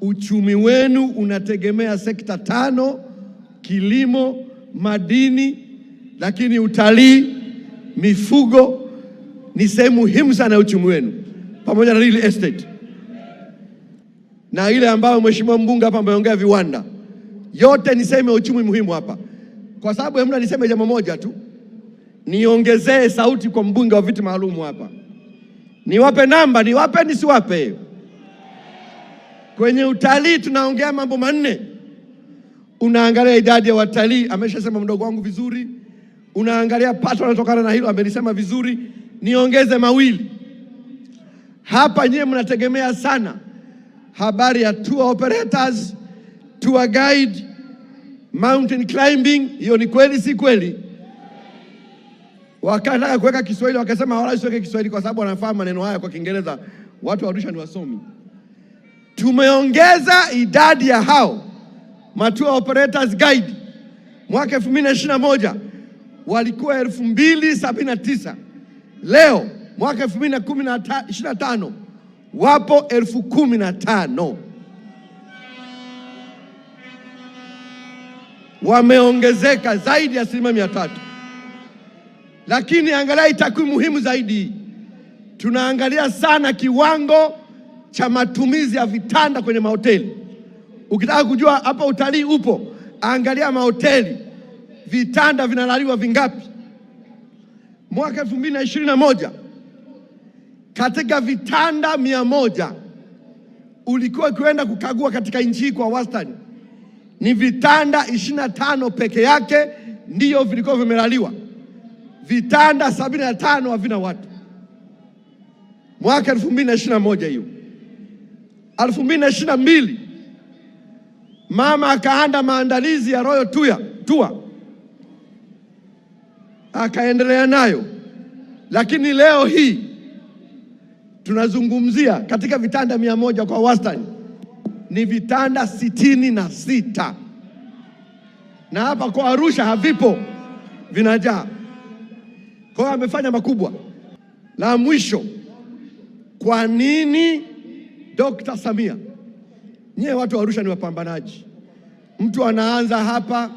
Uchumi wenu unategemea sekta tano: kilimo, madini, lakini utalii, mifugo ni sehemu muhimu sana ya uchumi wenu, pamoja na real estate na ile ambayo mheshimiwa mbunge hapa ameongea viwanda. Yote ni sehemu ya uchumi muhimu hapa. Kwa sababu hemna, niseme jambo moja tu, niongezee sauti kwa mbunge wa viti maalum hapa. Niwape namba, niwape nisiwape? Kwenye utalii tunaongea mambo manne, unaangalia idadi ya watalii, ameshasema mdogo wangu vizuri. Unaangalia pato linalotokana na hilo, amelisema vizuri. Niongeze mawili hapa, nyiwe mnategemea sana habari ya tour operators, tour guide, mountain climbing. Hiyo ni kweli, si kweli? Wakataka kuweka Kiswahili wakasema wala siweke Kiswahili kwa sababu wanafahamu maneno haya kwa Kiingereza. Watu warusha ni wasomi. Tumeongeza idadi ya hao matua operators guide. Mwaka 2021 walikuwa 2079, leo mwaka 2025 wapo lf15 wameongezeka zaidi ya asilimia mia tatu. Lakini angalia takwimu muhimu zaidi, tunaangalia sana kiwango cha matumizi ya vitanda kwenye mahoteli. Ukitaka kujua hapa utalii upo, angalia mahoteli vitanda vinalaliwa vingapi. Mwaka elfu mbili na ishirini na moja katika vitanda mia moja ulikuwa ukienda kukagua katika nchi hii kwa wastani ni vitanda ishirini na tano peke yake ndiyo vilikuwa vimelaliwa. Vitanda sabini na tano havina watu, mwaka elfu mbili na ishirini na moja hiyo elfu mbili na ishirini na mbili mama akaanda maandalizi ya Royal Tour akaendelea nayo, lakini leo hii tunazungumzia katika vitanda mia moja kwa wastani ni vitanda sitini na sita na hapa kwa Arusha havipo, vinajaa. Kwa hiyo amefanya makubwa. La mwisho, kwa nini Dr. Samia, nyewe watu wa Arusha ni wapambanaji. Mtu anaanza hapa,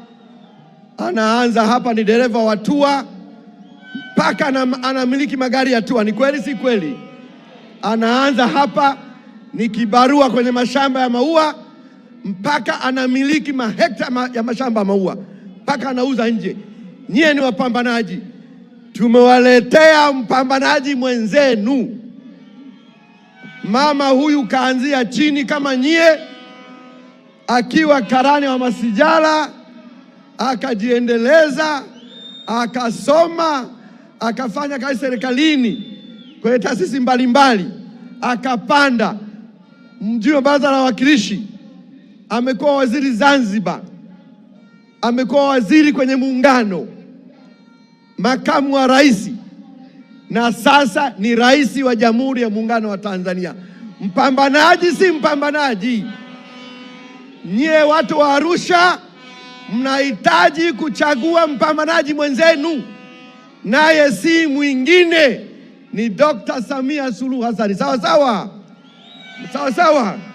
anaanza hapa, ni dereva wa tua mpaka anamiliki magari ya tua. Ni kweli si kweli? Anaanza hapa, ni kibarua kwenye mashamba ya maua mpaka anamiliki mahekta ya mashamba ya maua mpaka anauza nje. Nyie ni wapambanaji, tumewaletea mpambanaji mwenzenu. Mama huyu kaanzia chini kama nyie, akiwa karani wa masijala, akajiendeleza, akasoma, akafanya kazi serikalini kwenye taasisi mbalimbali, akapanda mjumbe wa baraza la wawakilishi, amekuwa waziri Zanzibar, amekuwa waziri kwenye muungano, makamu wa raisi na sasa ni rais wa Jamhuri ya Muungano wa Tanzania. Mpambanaji si mpambanaji. Nyie watu wa Arusha mnahitaji kuchagua mpambanaji mwenzenu, naye si mwingine ni Dr. Samia Suluhu Hassan. Sawa sawa, sawa sawa.